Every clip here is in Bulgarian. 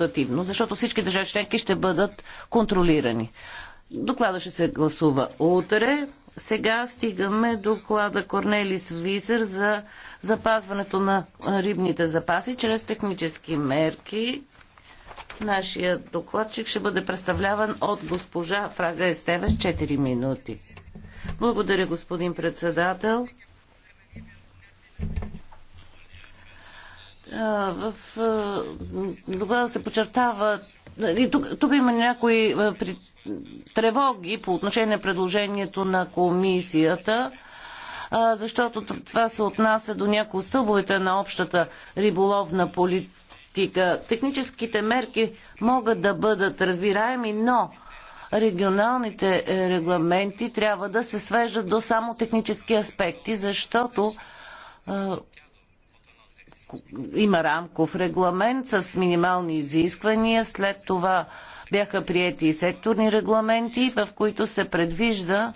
факултативно, защото всички държави членки ще бъдат контролирани. Доклада ще се гласува утре. Сега стигаме доклада Корнелис Визер за запазването на рибните запаси чрез технически мерки. Нашия докладчик ще бъде представляван от госпожа Фрага Естевес 4 минути. Благодаря, господин председател. в доклада се подчертава. И нали, тук, тук има някои при, тревоги по отношение на предложението на комисията, защото това се отнася до някои стълбовете на общата риболовна политика. Техническите мерки могат да бъдат разбираеми, но регионалните е, регламенти трябва да се свеждат до само технически аспекти, защото има рамков регламент с минимални изисквания. След това бяха приети и секторни регламенти, в които се предвижда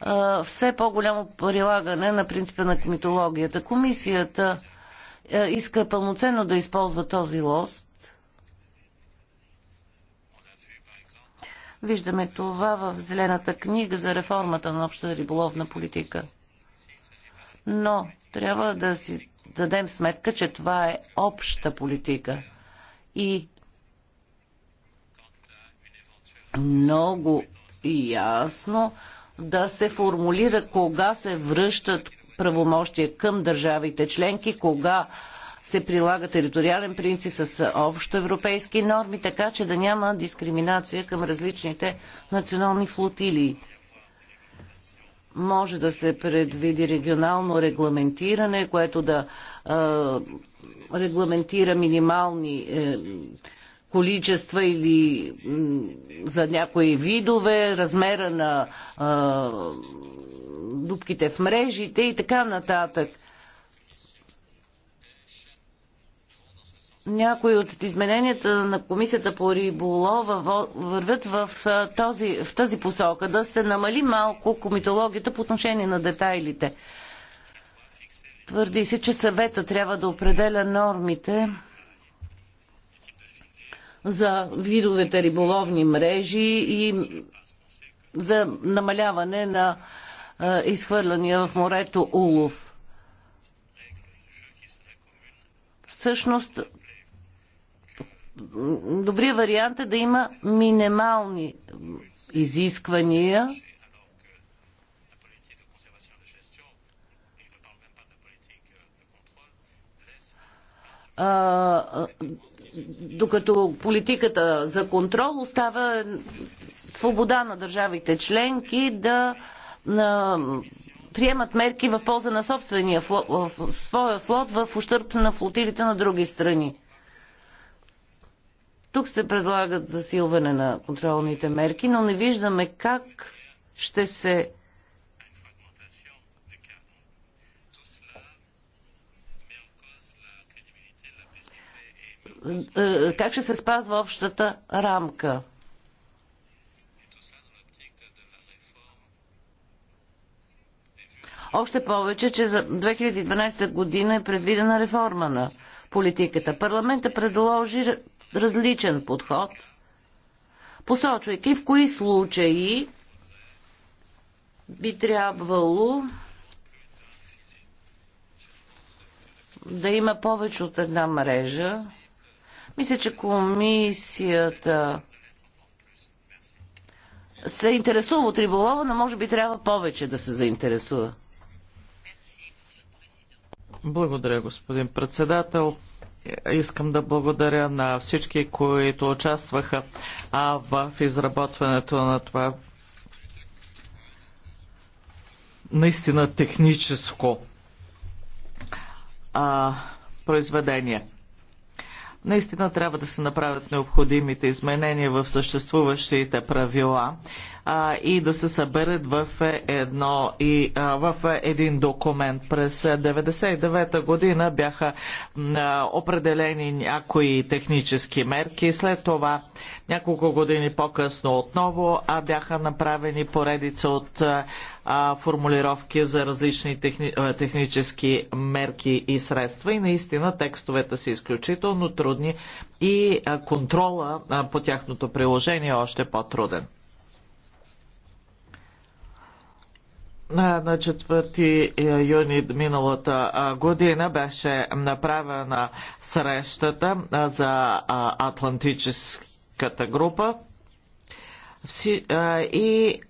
а, все по-голямо прилагане на принципа на комитологията. Комисията а, иска пълноценно да използва този лост. Виждаме това в Зелената книга за реформата на обща риболовна политика. Но трябва да си дадем сметка, че това е обща политика. И много ясно да се формулира кога се връщат правомощия към държавите членки, кога се прилага териториален принцип с общо европейски норми, така че да няма дискриминация към различните национални флотилии може да се предвиди регионално регламентиране, което да е, регламентира минимални е, количества или е, за някои видове, размера на дубките в мрежите и така нататък. някои от измененията на комисията по риболова вървят в, тази, в тази посока, да се намали малко комитологията по отношение на детайлите. Твърди се, че съвета трябва да определя нормите за видовете риболовни мрежи и за намаляване на изхвърляния в морето улов. Всъщност добрият вариант е да има минимални изисквания. А, докато политиката за контрол остава свобода на държавите членки да на, приемат мерки в полза на собствения флот, в, своя флот в ущърп на флотилите на други страни. Тук се предлагат засилване на контролните мерки, но не виждаме как ще се е, е, как ще се спазва общата рамка. Още повече, че за 2012 година е предвидена реформа на политиката. Парламента предложи различен подход, посочвайки в кои случаи би трябвало да има повече от една мрежа. Мисля, че комисията се интересува от риболова, но може би трябва повече да се заинтересува. Благодаря, господин председател искам да благодаря на всички, които участваха в изработването на това наистина техническо а, произведение. Наистина трябва да се направят необходимите изменения в съществуващите правила а, и да се съберат в, едно и, а, в един документ. През 1999 година бяха а, определени някои технически мерки. След това, няколко години по-късно отново, а бяха направени поредица от а, формулировки за различни техни, а, технически мерки и средства. И наистина текстовете са изключително трудни по-трудни и контрола по тяхното приложение е още по-труден. на 4 е, юни миналата година беше направена срещата за Атлантическата група. И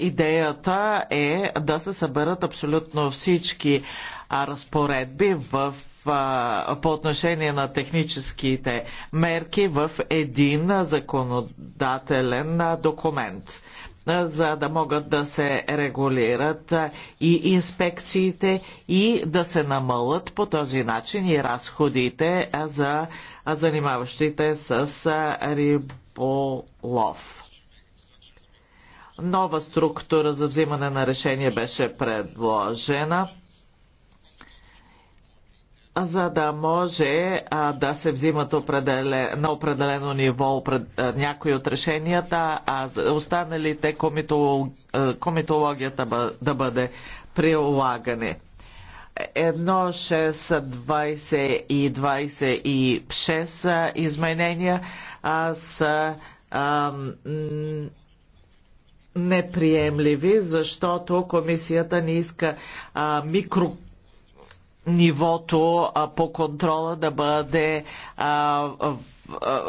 идеята е да се съберат абсолютно всички разпоредби в по отношение на техническите мерки в един законодателен документ, за да могат да се регулират и инспекциите и да се намалят по този начин и разходите за занимаващите с риболов нова структура за взимане на решение беше предложена за да може а, да се взимат на определено ниво опред, а, някои от решенията, а за останалите комитолог, а, комитологията бъ, да бъде прилагане. Едно 6, и 26 изменения а, са а, неприемливи, защото комисията не иска а, микро нивото по контрола да бъде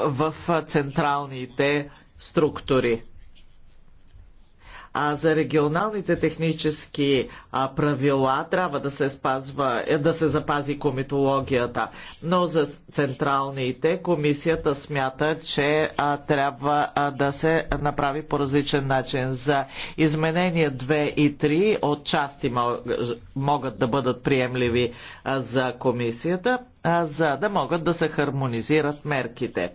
в централните структури. А за регионалните технически правила трябва да се, спазва, е, да се запази комитологията. Но за централните комисията смята, че трябва да се направи по различен начин. За изменения 2 и 3 от части могат да бъдат приемливи за комисията, за да могат да се хармонизират мерките.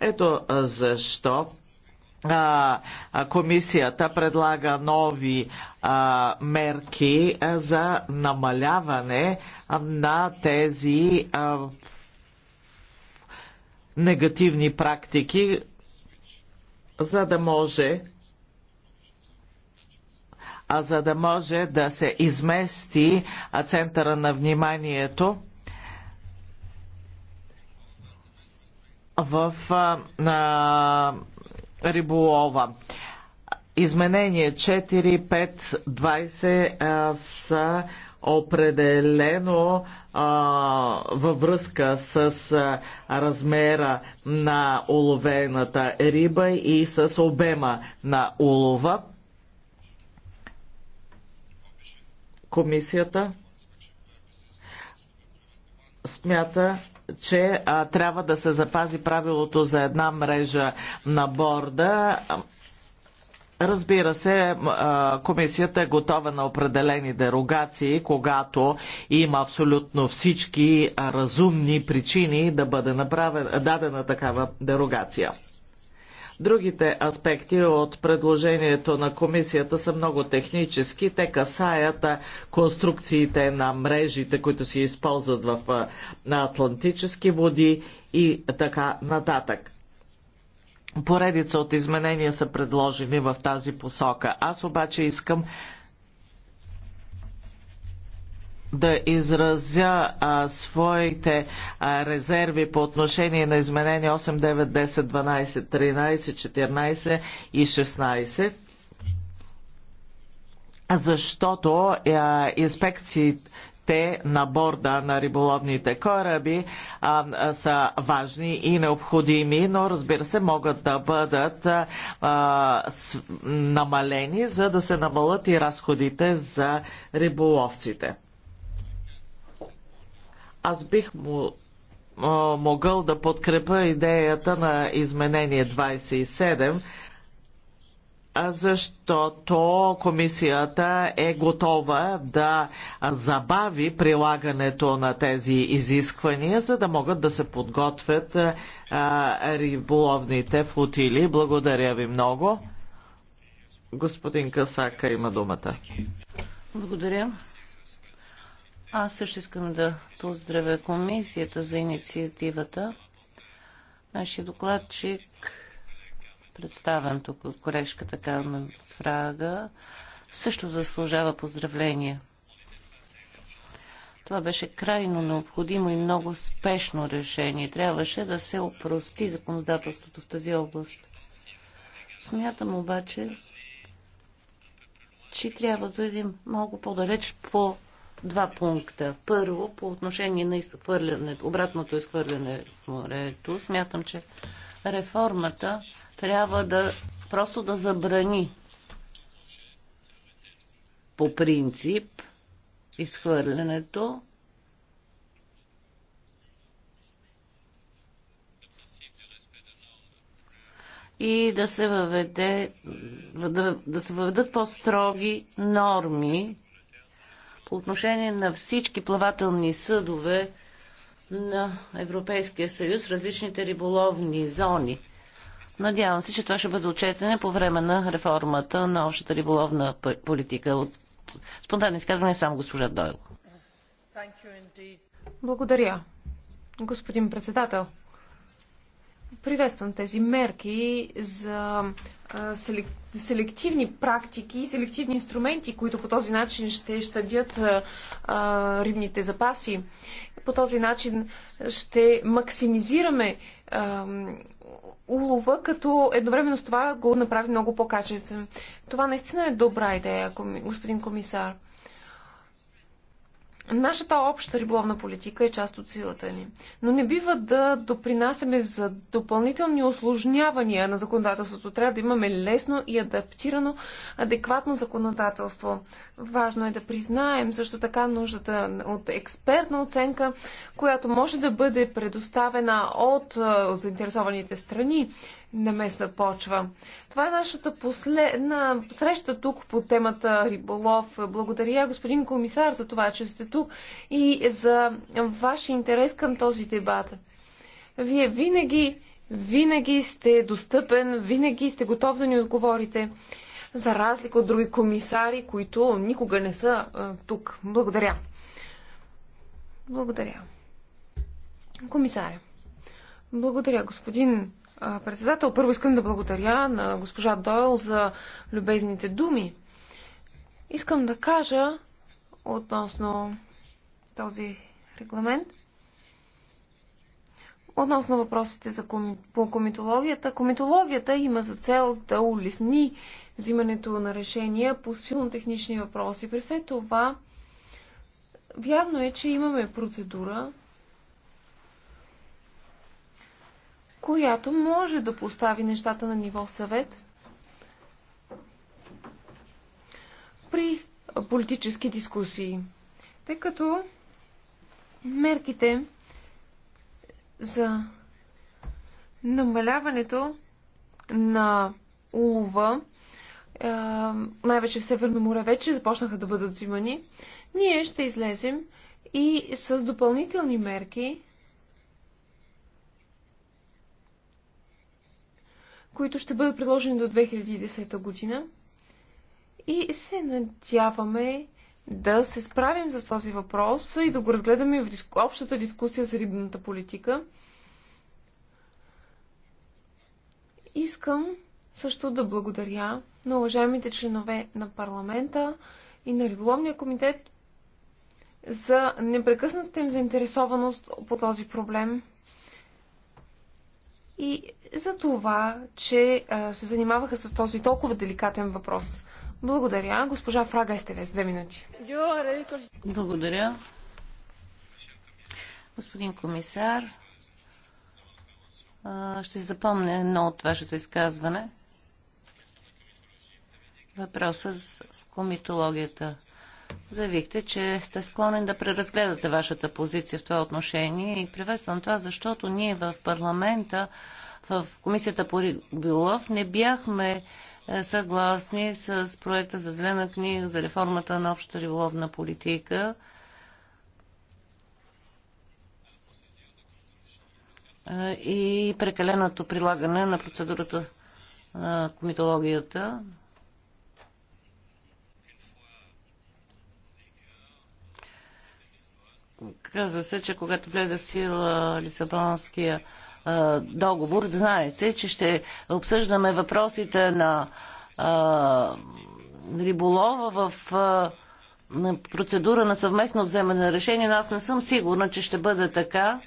Ето защо комисията предлага нови а, мерки за намаляване на тези а, негативни практики, за да може а за да може да се измести центъра на вниманието в а, риболова. Изменение 4, 5, 20 са определено а, във връзка с а, размера на уловената риба и с обема на улова. Комисията смята, че а, трябва да се запази правилото за една мрежа на борда. Разбира се, комисията е готова на определени дерогации, когато има абсолютно всички разумни причини да бъде дадена такава дерогация. Другите аспекти от предложението на комисията са много технически. Те касаят конструкциите на мрежите, които се използват в Атлантически води и така нататък. Поредица от изменения са предложени в тази посока. Аз обаче искам да изразя а, своите а, резерви по отношение на изменения 8, 9, 10, 12, 13, 14 и 16, защото а, инспекциите на борда на риболовните кораби а, а, са важни и необходими, но разбира се могат да бъдат а, с, намалени, за да се намалят и разходите за риболовците. Аз бих му могъл да подкрепа идеята на изменение 27, защото комисията е готова да забави прилагането на тези изисквания, за да могат да се подготвят риболовните флотили. Благодаря ви много. Господин Касака има думата. Благодаря. Аз също искам да поздравя комисията за инициативата. Нашия докладчик, представен тук от корешката Кармен Фрага, също заслужава поздравления. Това беше крайно необходимо и много спешно решение. Трябваше да се опрости законодателството в тази област. Смятам обаче, че трябва да видим малко по-далеч по два пункта. Първо, по отношение на изхвърляне, обратното изхвърляне в морето, смятам, че реформата трябва да просто да забрани по принцип изхвърлянето и да се въведе да, да се въведат по-строги норми по отношение на всички плавателни съдове на Европейския съюз, различните риболовни зони. Надявам се, че това ще бъде отчетене по време на реформата на общата риболовна политика. От Спонтанно изказване само госпожа Дойл. Благодаря, господин председател. Приветствам тези мерки за селективни практики и селективни инструменти, които по този начин ще щадят рибните запаси. По този начин ще максимизираме улова, като едновременно с това го направи много по-качествен. Това наистина е добра идея, господин комисар. Нашата обща риболовна политика е част от силата ни, но не бива да допринасяме за допълнителни осложнявания на законодателството. Трябва да имаме лесно и адаптирано адекватно законодателство. Важно е да признаем също така нуждата от експертна оценка, която може да бъде предоставена от заинтересованите страни на местна почва. Това е нашата последна среща тук по темата риболов. Благодаря, господин комисар, за това, че сте тук и за вашия интерес към този дебат. Вие винаги, винаги сте достъпен, винаги сте готов да ни отговорите, за разлика от други комисари, които никога не са а, тук. Благодаря. Благодаря. Комисаря. Благодаря, господин председател. Първо искам да благодаря на госпожа Дойл за любезните думи. Искам да кажа относно този регламент, относно въпросите за коми... по комитологията. Комитологията има за цел да улесни взимането на решения по силно технични въпроси. При все това, вярно е, че имаме процедура, която може да постави нещата на ниво съвет при политически дискусии. Тъй като мерките за намаляването на улова, най-вече в Северно море, вече започнаха да бъдат взимани, ние ще излезем и с допълнителни мерки, които ще бъдат предложени до 2010 година. И се надяваме да се справим с този въпрос и да го разгледаме в общата дискусия за рибната политика. Искам също да благодаря на уважаемите членове на парламента и на Риболовния комитет за непрекъснатата им заинтересованост по този проблем и за това, че се занимаваха с този толкова деликатен въпрос. Благодаря. Госпожа Фрага Естевес, две минути. Благодаря. Господин комисар, ще запомня едно от вашето изказване. Въпроса с комитологията заявихте, че сте склонен да преразгледате вашата позиция в това отношение и приветствам това, защото ние в парламента, в Комисията по риболов не бяхме е, съгласни с проекта за зелена книга за реформата на общата риболовна политика. Е, и прекаленото прилагане на процедурата на комитологията, Каза се, че когато влезе в сила Лисабонския а, договор, знае се, че ще обсъждаме въпросите на а, риболова в а, процедура на съвместно вземане на решение, но аз не съм сигурна, че ще бъде така,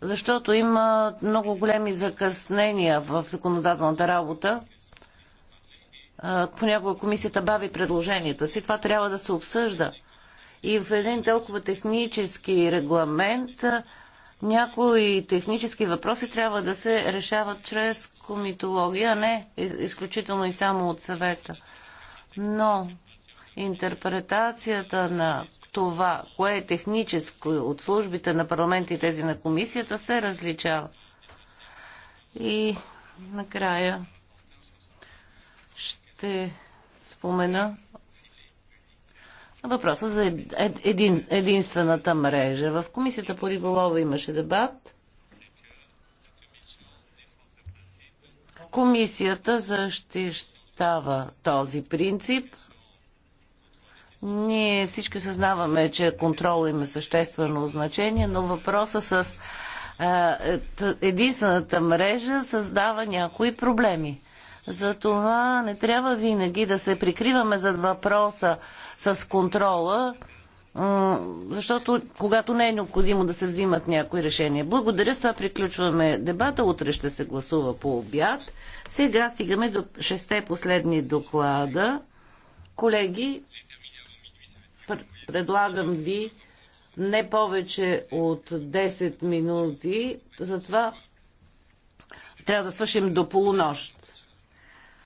защото има много големи закъснения в законодателната работа. Понякога комисията бави предложенията си. Това трябва да се обсъжда. И в един толкова технически регламент някои технически въпроси трябва да се решават чрез комитология, а не изключително и само от съвета. Но интерпретацията на това, кое е техническо от службите на парламента и тези на комисията, се различава. И накрая ще спомена въпроса за един, единствената мрежа. В комисията по риболова имаше дебат. Комисията защищава този принцип. Ние всички съзнаваме, че контрол има съществено значение, но въпроса с е, единствената мрежа създава някои проблеми. Затова не трябва винаги да се прикриваме зад въпроса с контрола, защото когато не е необходимо да се взимат някои решения. Благодаря, сега приключваме дебата. Утре ще се гласува по обяд. Сега стигаме до шесте последни доклада. Колеги, предлагам ви не повече от 10 минути, затова трябва да свършим до полунощ.